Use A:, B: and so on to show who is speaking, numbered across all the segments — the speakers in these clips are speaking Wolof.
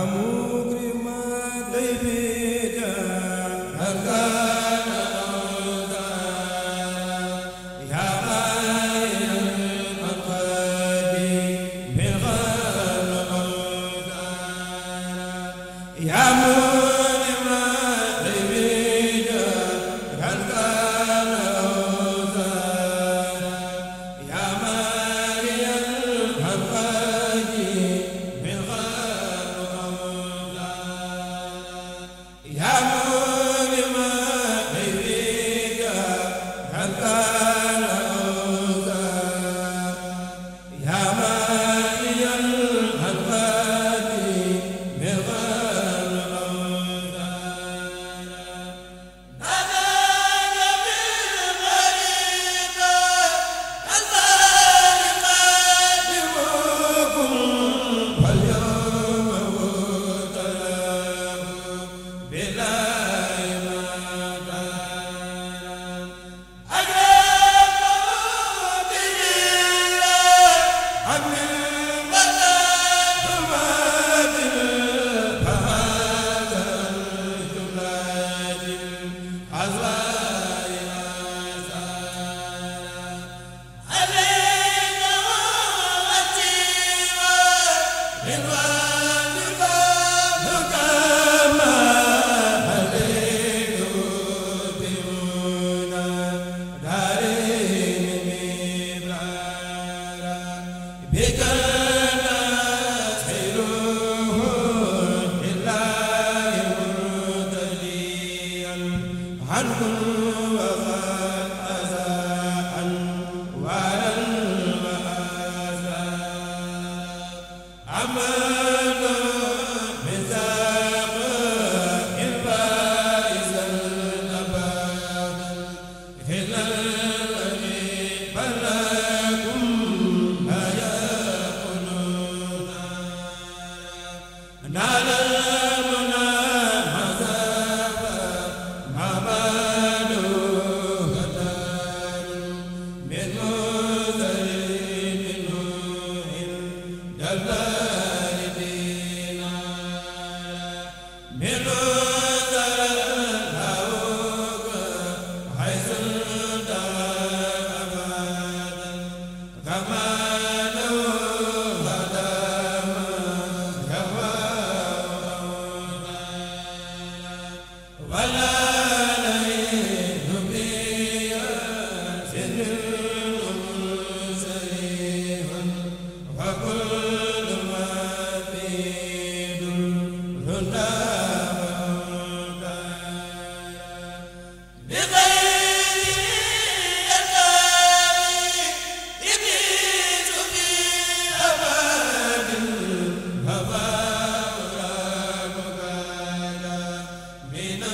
A: amu la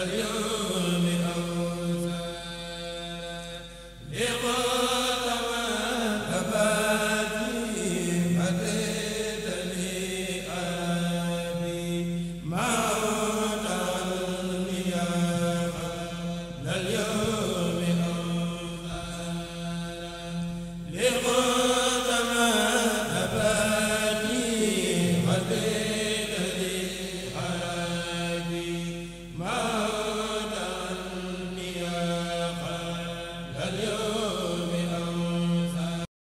A: Allez